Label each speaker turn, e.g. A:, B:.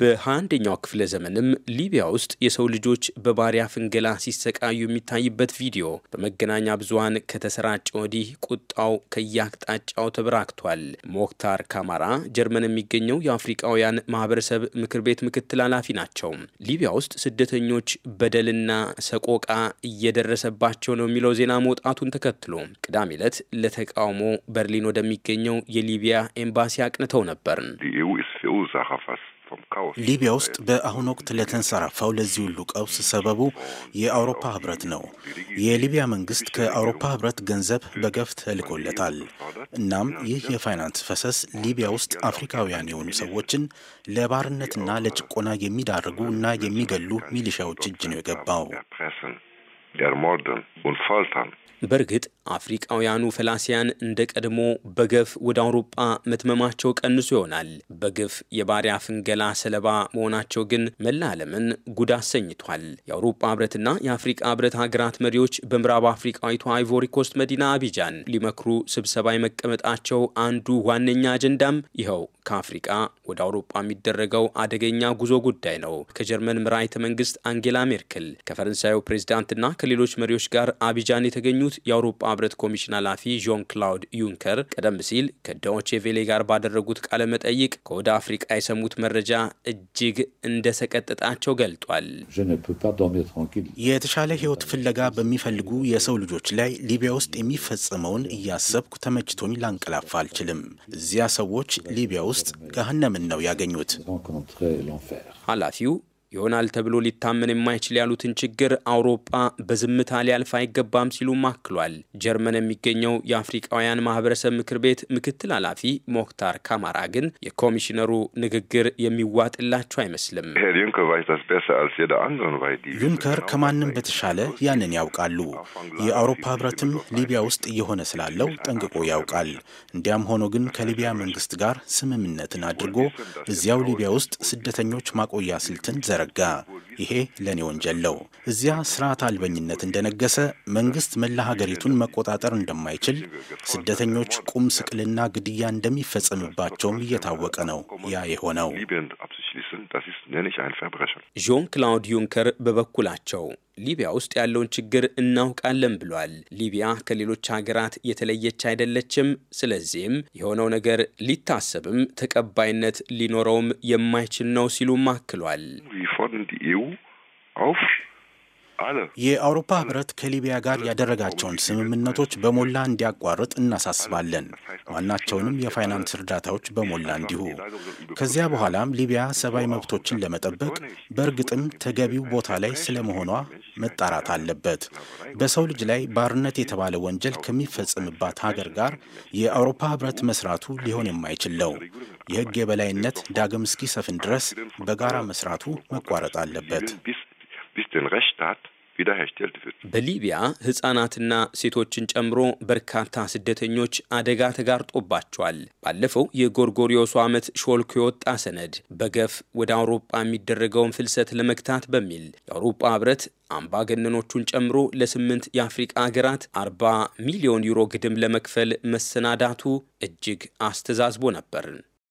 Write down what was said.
A: በ21ኛው ክፍለ ዘመንም ሊቢያ ውስጥ የሰው ልጆች በባሪያ ፍንገላ ሲሰቃዩ የሚታይበት ቪዲዮ በመገናኛ ብዙኃን ከተሰራጨ ወዲህ ቁጣው ከየአቅጣጫው ተበራክቷል። ሞክታር ካማራ ጀርመን የሚገኘው የአፍሪቃውያን ማህበረሰብ ምክር ቤት ምክትል ኃላፊ ናቸው። ሊቢያ ውስጥ ስደተኞች በደልና ሰቆቃ እየደረሰባቸው ነው የሚለው ዜና መውጣቱን ተከትሎ ቅዳሜ ዕለት ለተቃውሞ በርሊን ወደሚገኘው የሊቢያ ኤምባሲ አቅንተው ነበር።
B: ሊቢያ ውስጥ በአሁኑ ወቅት ለተንሰራፋው ለዚህ ሁሉ ቀውስ ሰበቡ የአውሮፓ ህብረት ነው። የሊቢያ መንግስት ከአውሮፓ ህብረት ገንዘብ በገፍ ተልኮለታል። እናም ይህ የፋይናንስ ፈሰስ ሊቢያ ውስጥ አፍሪካውያን የሆኑ ሰዎችን ለባርነትና ለጭቆና የሚዳርጉ እና የሚገሉ ሚሊሻዎች እጅ ነው የገባው።
A: በእርግጥ አፍሪቃውያኑ ፈላሲያን እንደ ቀድሞ በገፍ ወደ አውሮጳ መትመማቸው ቀንሶ ይሆናል። በግፍ የባሪያ ፍንገላ ሰለባ መሆናቸው ግን መላ ዓለምን ጉድ አሰኝቷል። የአውሮጳ ህብረትና የአፍሪቃ ህብረት ሀገራት መሪዎች በምዕራብ አፍሪቃዊቷ አይቮሪ ኮስት መዲና አቢጃን ሊመክሩ ስብሰባ የመቀመጣቸው አንዱ ዋነኛ አጀንዳም ይኸው ከአፍሪቃ ወደ አውሮጳ የሚደረገው አደገኛ ጉዞ ጉዳይ ነው። ከጀርመን መራሒተ መንግስት አንጌላ ሜርክል ከፈረንሳዩ ፕሬዚዳንትና ከሌሎች መሪዎች ጋር አቢጃን የተገኙት የአውሮጳ ህብረት ኮሚሽን ኃላፊ ዦን ክላውድ ዩንከር ቀደም ሲል ከዶቼ ቬሌ ጋር ባደረጉት ቃለ መጠይቅ ከወደ አፍሪቃ የሰሙት መረጃ እጅግ እንደሰቀጥጣቸው ገልጧል።
B: የተሻለ ህይወት ፍለጋ በሚፈልጉ የሰው ልጆች ላይ ሊቢያ ውስጥ የሚፈጸመውን እያሰብኩ ተመችቶኝ ላንቀላፋ አልችልም። እዚያ ሰዎች ሊቢያ ውስጥ ገሃነምን ነው ያገኙት።
A: ኃላፊው ይሆናል ተብሎ ሊታመን የማይችል ያሉትን ችግር አውሮፓ በዝምታ ሊያልፍ አይገባም ሲሉም አክሏል። ጀርመን የሚገኘው የአፍሪቃውያን ማህበረሰብ ምክር ቤት ምክትል ኃላፊ ሞክታር ካማራ ግን የኮሚሽነሩ ንግግር የሚዋጥላቸው አይመስልም። ዩንከር
B: ከማንም በተሻለ ያንን ያውቃሉ። የአውሮፓ ህብረትም ሊቢያ ውስጥ እየሆነ ስላለው ጠንቅቆ ያውቃል። እንዲያም ሆኖ ግን ከሊቢያ መንግስት ጋር ስምምነትን አድርጎ እዚያው ሊቢያ ውስጥ ስደተኞች ማቆያ ስልትን ዘ ተዘረጋ። ይሄ ለእኔ ወንጀል ነው። እዚያ ስርዓት አልበኝነት እንደነገሰ መንግስት መላ ሀገሪቱን መቆጣጠር እንደማይችል፣ ስደተኞች ቁም ስቅልና ግድያ እንደሚፈጸምባቸውም እየታወቀ ነው ያ የሆነው። ausschließen,
A: das ist nämlich ein Verbrechen። ክላውድ ዩንከር በበኩላቸው ሊቢያ ውስጥ ያለውን ችግር እናውቃለን ብሏል። ሊቢያ ከሌሎች ሀገራት የተለየች አይደለችም። ስለዚህም የሆነው ነገር ሊታሰብም ተቀባይነት ሊኖረውም የማይችል ነው ሲሉም አክሏል።
B: የአውሮፓ ህብረት ከሊቢያ ጋር ያደረጋቸውን ስምምነቶች በሞላ እንዲያቋርጥ እናሳስባለን። ዋናቸውንም የፋይናንስ እርዳታዎች በሞላ እንዲሁ። ከዚያ በኋላም ሊቢያ ሰብአዊ መብቶችን ለመጠበቅ በእርግጥም ተገቢው ቦታ ላይ ስለመሆኗ መጣራት አለበት። በሰው ልጅ ላይ ባርነት የተባለ ወንጀል ከሚፈጸምባት ሀገር ጋር የአውሮፓ ህብረት መስራቱ ሊሆን የማይችል ነው። የህግ የበላይነት ዳግም እስኪሰፍን ድረስ በጋራ መስራቱ መቋረጥ አለበት።
A: den ረሽታት wiederhergestellt በሊቢያ ህጻናትና ሴቶችን ጨምሮ በርካታ ስደተኞች አደጋ ተጋርጦባቸዋል። ባለፈው የጎርጎሪዮሱ ዓመት ሾልኮ የወጣ ሰነድ በገፍ ወደ አውሮጳ የሚደረገውን ፍልሰት ለመግታት በሚል የአውሮጳ ህብረት አምባገነኖቹን ጨምሮ ለስምንት የአፍሪቃ ሀገራት 40 ሚሊዮን ዩሮ ግድም ለመክፈል መሰናዳቱ እጅግ አስተዛዝቦ ነበር።